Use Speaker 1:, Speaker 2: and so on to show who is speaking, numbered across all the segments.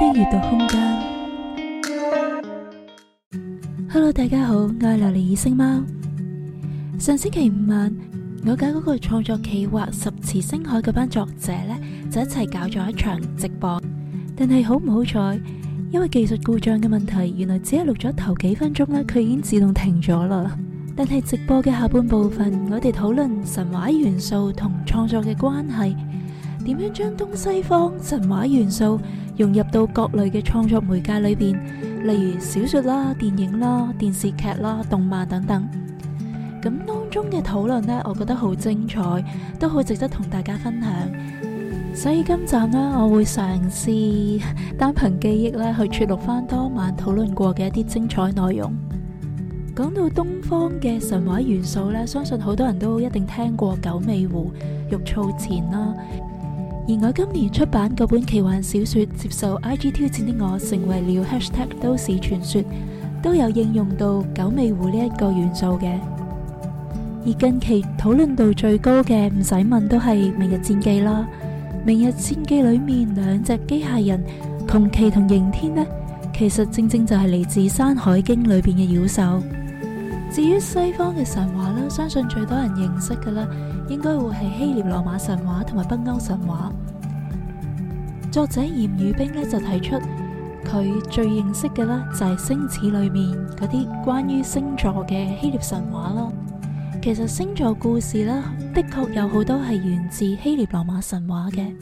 Speaker 1: 的閱讀空間。Hello，大家好，我係琉璃異色貓。上星期五晚，我搞嗰個創作企劃《十辭星海》嗰班作者咧，就一齊搞咗一場直播。但係好唔好彩，因為技術故障嘅問題，原來只係錄咗頭幾分鐘啦，佢已經自動停咗啦。但係直播嘅下半部分，我哋討論神話元素同創作嘅關係。點樣將東西方神話元素融入到各類嘅創作媒介裏邊，例如小說啦、電影啦、電視劇啦、動漫等等。咁當中嘅討論呢，我覺得好精彩，都好值得同大家分享。所以今集呢，我會嘗試單憑記憶呢去節錄翻當晚討論過嘅一啲精彩內容。講到東方嘅神話元素呢，相信好多人都一定聽過九尾狐、玉藻前啦。而我今年出版嗰本奇幻小說，接受 IG 挑戰的我成為了#都市傳說，都有應用到九尾狐呢一個元素嘅。而近期討論度最高嘅唔使問都係《明日戰記》啦，《明日戰記》裏面兩隻機械人窮奇同刑天呢，其實正正就係嚟自《山海經》裏邊嘅妖獸。至於西方嘅神話啦，相信最多人認識噶啦，應該會係希臘羅馬神話同埋北歐神話。作者嚴宇冰咧，就提出佢最認識嘅啦，就係星矢裏面嗰啲關於星座嘅希臘神話啦。其實星座故事呢，的確有好多係源自希臘羅馬神話嘅。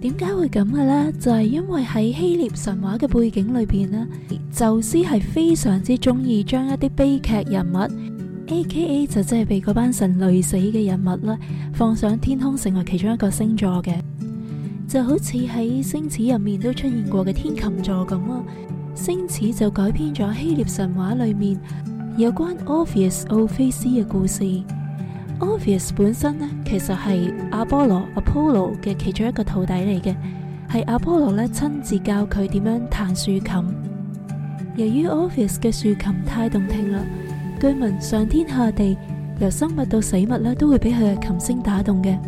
Speaker 1: 點解會咁嘅呢？就係、是、因為喺希臘神話嘅背景裏邊呢，宙斯係非常之中意將一啲悲劇人物，A K A 就真係被嗰班神累死嘅人物啦，放上天空成為其中一個星座嘅，就好似喺星矢入面都出現過嘅天琴座咁啊。星矢就改編咗希臘神話裏面有關奧菲斯、奧菲斯嘅故事。奧菲斯本身咧，其實係阿波羅 Apollo 嘅其中一個徒弟嚟嘅，係阿波羅咧，親自教佢點樣彈豎琴。由於 Office 嘅豎琴太動聽啦，據聞上天下地，由生物到死物咧，都會俾佢嘅琴聲打動嘅。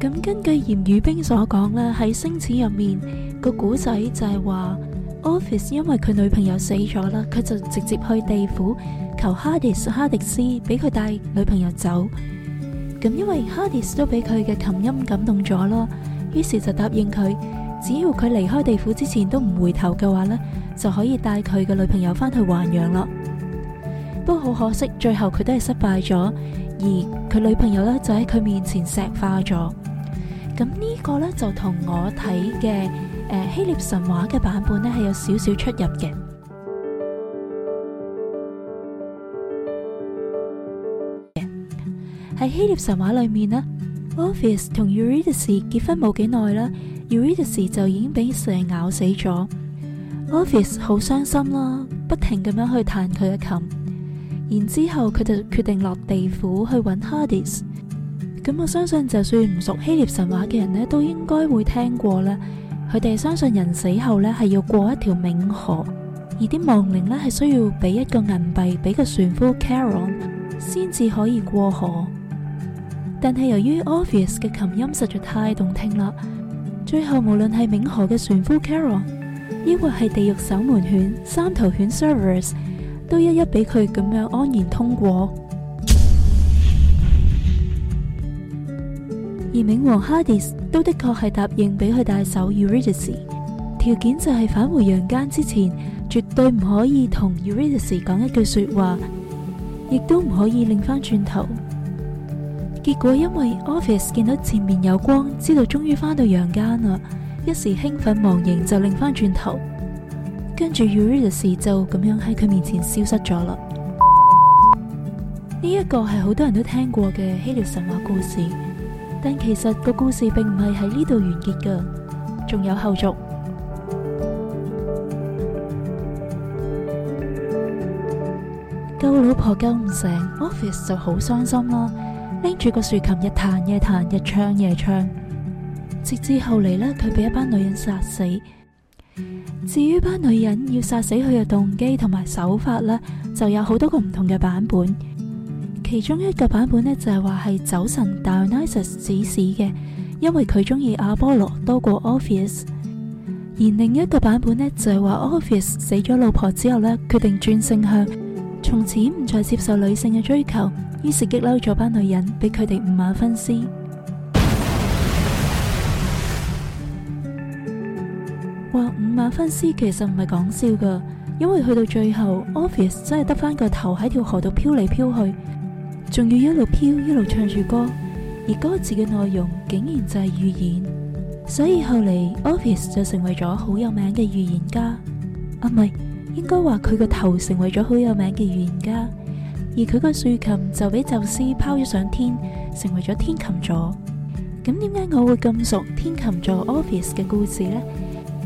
Speaker 1: 咁根據嚴雨冰所講咧，喺星矢入面個古仔就係話，Office 因為佢女朋友死咗啦，佢就直接去地府求 Hades 哈迪斯俾佢帶女朋友走。咁因為哈迪斯都俾佢嘅琴音感動咗咯，於是就答應佢，只要佢離開地府之前都唔回頭嘅話呢，就可以帶佢嘅女朋友翻去還陽咯。不過好可惜，最後佢都係失敗咗，而佢女朋友呢，就喺佢面前石化咗。咁呢個呢，就同我睇嘅誒希臘神話嘅版本呢，係有少少出入嘅。喺希臘神話裏面呢咧，奧菲斯同 Eurydice 結婚冇幾耐，啦，Eurydice 就已經俾蛇咬死咗，奧菲斯好傷心啦，不停咁樣去彈佢嘅琴，然之後佢就決定落地府去揾 Hardis。咁我相信就算唔熟希臘神話嘅人呢，都應該會聽過啦。佢哋相信人死後呢係要過一條冥河，而啲亡靈呢係需要俾一個銀幣俾個船夫 Caron 先至可以過河。但係由於 Orpheus 嘅琴音實在太動聽啦，最後無論係冥河嘅船夫 Charon，抑或係地獄守門犬三頭犬 Cerberus，都一一俾佢咁樣安然通過。而冥王 Hades 都的確係答應俾佢帶走 Eurydice，條件就係返回陽間之前，絕對唔可以同 Eurydice 講一句說話，亦都唔可以擰翻轉頭。結果因為 Office 見到前面有光，知道終於返到陽間啦，一時興奮忘形就擰返轉頭，跟住 Eurydice 就咁樣喺佢面前消失咗啦。呢一 個係好多人都聽過嘅希臘神話故事，但其實個故事並唔係喺呢度完結噶，仲有後續。 救老婆救唔成 ，Office 就好傷心啦。拎住個豎琴，日彈夜彈，日唱夜唱，直至後嚟呢，佢被一班女人殺死。至於班女人要殺死佢嘅動機同埋手法呢，就有好多個唔同嘅版本。其中一個版本呢，就係話係酒神 Dionysus 指使嘅，因為佢中意阿波羅多過 Orpheus。而另一個版本呢，就係話 Orpheus 死咗老婆之後呢，決定轉性向，從此唔再接受女性嘅追求。於是激嬲咗班女人，俾佢哋五馬分屍。哇！五馬分屍其實唔係講笑㗎，因為去到最後 ，Office 真係得返個頭喺條河度飄嚟飄去，仲要一路飄一路唱住歌，而歌詞嘅內容竟然就係預言。所以後嚟 ，Office 就成為咗好有名嘅預言家。啊，唔係，應該話佢個頭成為咗好有名嘅預言家。而佢個豎琴就俾宙斯拋咗上天，成為咗天琴座。咁點解我會咁熟天琴座 Office 嘅故事呢？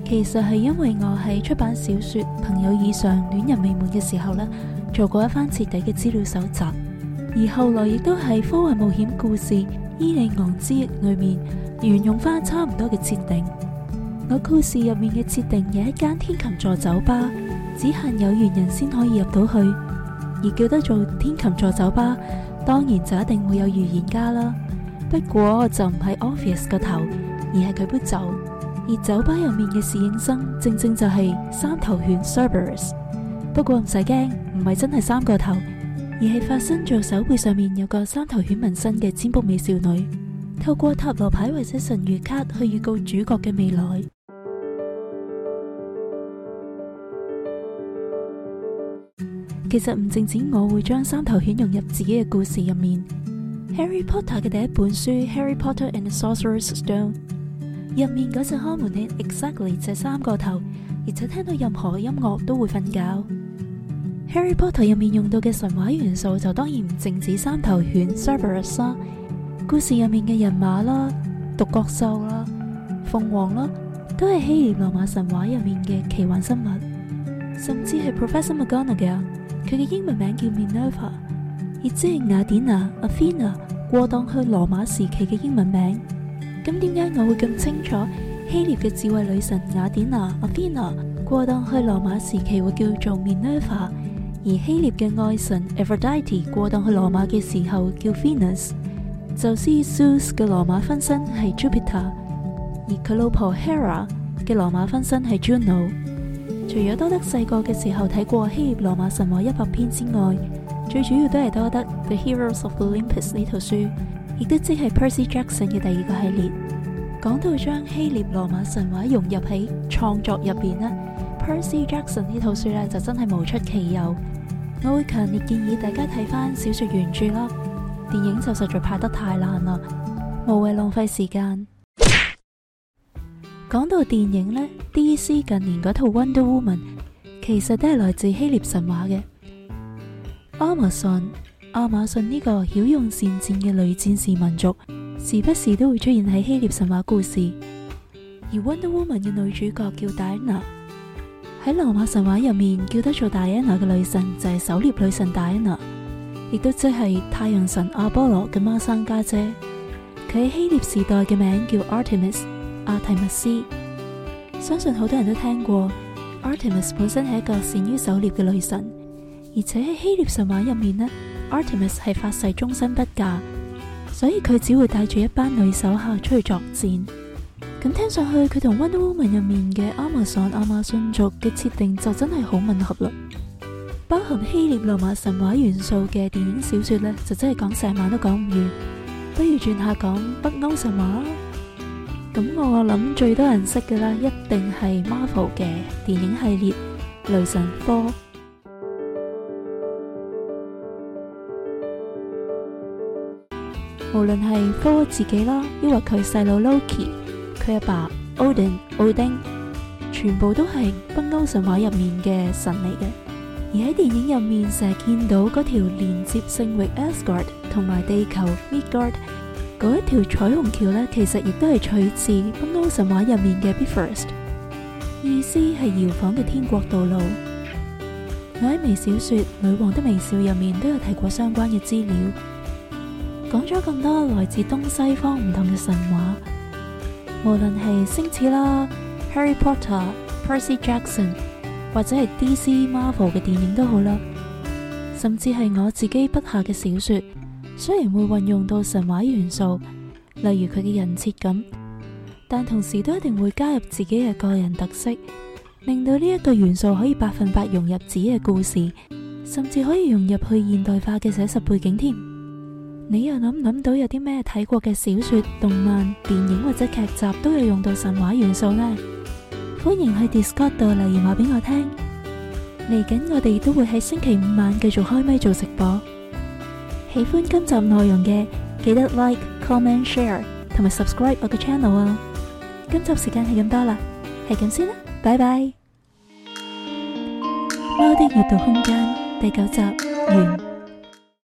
Speaker 1: 其實係因為我喺出版小說《朋友以上，戀人未滿》嘅時候呢，做過一番徹底嘅資料搜集，而後來亦都係科幻冒險故事《伊利昂之翼》裏面，沿用翻差唔多嘅設定。我故事入面嘅設定有一間天琴座酒吧，只限有緣人先可以入到去。而叫得做天琴座酒吧，當然就一定會有預言家啦。不過就唔係 Office 個頭，而係佢杯酒。而酒吧入面嘅侍應生，正正就係三頭犬 Cerberus。不過唔使驚，唔係真係三個頭，而係發生咗手背上面有個三頭犬紋身嘅占卜美少女，透過塔羅牌或者神諭卡去預告主角嘅未來。其實唔淨止我會將三頭犬融入自己嘅故事入面，《Harry Potter》嘅第一本書《Harry Potter and Sorcerer’s Stone》入面嗰隻看門犬 Exactly 就三個頭，而且聽到任何嘅音樂都會瞓覺。《Harry Potter》入面用到嘅神話元素就當然唔淨止三頭犬 Cerberus 啦、啊，故事入面嘅人馬啦、獨角獸啦、鳳凰啦、啊，都係希臘羅馬神話入面嘅奇幻生物，甚至係 Professor McGonagall。佢嘅英文名叫 Minerva，亦即係雅典娜 Athena 過檔去羅馬時期嘅英文名。咁點解我會咁清楚？希臘嘅智慧女神雅典娜 Athena 過檔去羅馬時期會叫做 Minerva，而希臘嘅愛神 Aphrodite 過檔去羅馬嘅時候會叫 Venus。宙斯 Zeus 嘅羅馬分身係 Jupiter，而佢老婆 Hera 嘅羅馬分身係 Juno。除咗多得細個嘅時候睇過《希臘羅馬神話一百篇》之外，最主要都係多得《The Heroes of Olympus》呢套書，亦都即係 Percy Jackson 嘅第二個系列。講到將希臘羅馬神話融入喺創作入邊 呢 Percy Jackson 呢套書呢，就真係無出其右。我會強烈建議大家睇翻小說原著咯，電影就實在拍得太爛啦，無謂浪費時間。 講到電影呢 DC 近年嗰套 Wonder Woman 其實都係來自希臘神話嘅。亞馬遜，亞馬遜呢個驍勇善戰嘅女戰士民族，時不時都會出現喺希臘神話故事。而 Wonder Woman 嘅女主角叫 Diana，喺羅馬神話入面叫得做 Diana 嘅女神就係狩獵女神 Diana，亦都即係太陽神阿波羅嘅孖生家姐，姐。佢喺希臘時代嘅名叫 Artemis。阿提密斯，相信好多人都聽過。Artemis 本身係一個善於狩獵嘅女神，而且喺希臘神話入面咧，Artemis 係發誓終身不嫁，所以佢只會帶住一班女手下出去作戰。咁聽上去佢同《Wonder Woman》入面嘅亞馬遜亞馬遜族嘅設定就真係好吻合啦。包含希臘羅馬神話元素嘅電影小說呢，就真係講成晚都講唔完。不如轉下講北歐神話。咁我諗最多人識嘅啦，一定係 Marvel 嘅電影系列《雷神》科。無論係科自己啦，抑或佢細佬 Loki，佢阿爸 Odin 奧丁，全部都係北歐神話入面嘅神嚟嘅。而喺電影入面成日見到嗰條連接聖域 Asgard 同埋地球 Midgard。嗰一條彩虹橋咧，其實亦都係取自北歐神話入面嘅 Be First，意思係搖晃嘅天國道路。我喺微小說《女皇的微笑》入面都有提過相關嘅資料，講咗咁多來自東西方唔同嘅神話，無論係星矢啦、Harry Potter、Percy Jackson，或者係 DC、Marvel 嘅電影都好啦，甚至係我自己筆下嘅小說。雖然會運用到神話元素，例如佢嘅人設噉，但同時都一定會加入自己嘅個人特色，令到呢一個元素可以百分百融入自己嘅故事，甚至可以融入去現代化嘅寫實背景添。你又諗唔諗到有啲咩睇過嘅小說、動漫、電影或者劇集都有用到神話元素呢？歡迎喺 Discord 度留言話俾我聽。嚟緊我哋都會喺星期五晚繼續開咪做直播。喜歡今集內容嘅記得 like, comment, share, 同埋 subscribe 我嘅 channel 啊！今集時間係咁多啦，係咁先啦，拜拜。貓的閱讀空間第九集完。